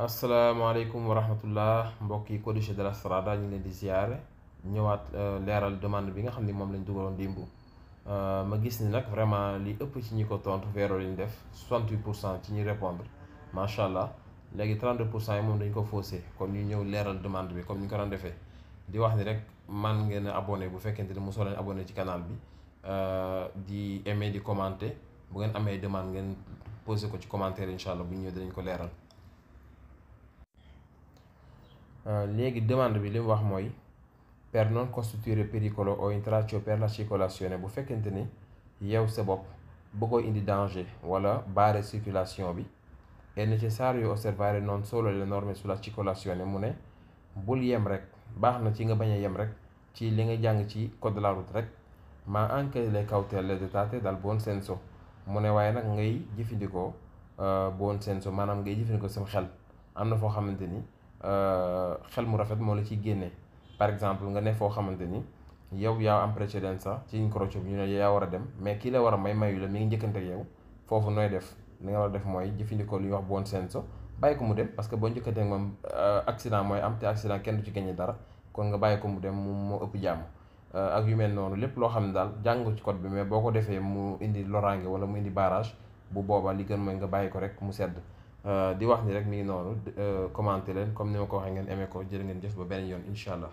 asalaamaaleykum wa rahmatullah mbokk yi codice de la strada ñu ngi leen di ziare ñëwaat euh, leeral demande bi nga xam ni moom lañ dugaloon démb euh, ma gis ni nag vraiment li ëpp ci ñu ko tontu weeroo lañ def 68 pour cent ci ñu répondre macha allah léegi 32 pour cent yi moom dañ ko faussé comme ñu ñëw leeral demande bi comme ñu ko doon defee di wax ni rek man ngeen a abonné bu fekkente ne mosoo leen abonné ci canal bi euh, di emee di commenter bu ngeen amee demande ngeen posé ko ci commentaire incha bu ñu ñëw dinañ ko leeral. Euh, léegi demande bi li mu wax mooy per non costituire pericolo o intralcio per la circolazione bu fekkente ni yow sa bopp bu ko indi danger wala barre circulation bi è necessario osservare non solo le norme sulla circolazione mu ne bul yem rek baax na ci nga bañ a yem rek ci li nga jàng ci code de rek ma anche le cautele dettate dal buon senso mu ne waaye nag ngay jëfandikoo euh, buon senso maanaam ngay jëfandikoo sam xel am na foo xamante ni xel mu rafet moo la ciy génne par exemple nga ne foo xamante ni yow yaa am précédence sax ci incrocio bi ñu ne yaa war a dem mais kii la war a may mayu la mi ngi njëkkante yow foofu nooy def li nga war a def mooy jëfandikoo li ñuy wax bon sens bàyyi ko mu dem parce que boo njëkkante ak moom euh, accident mooy am te accident kenn du ci gagné dara kon nga bàyyi ko mu dem mu moo ëpp jàmm euh, ak yu mel noonu lépp loo xam ne daal jàngu ci code bi mais boo ko defee mu indi loraange wala mu indi barrage bu boobaa li gën mooy nga bàyyi ko rek mu sedd Euh, di wax ni rek mi ngi noonu euh, commenter comme ni ma ko waxee ngeen aimé ko jël ngeen jëf ba beneen yoon incha allah.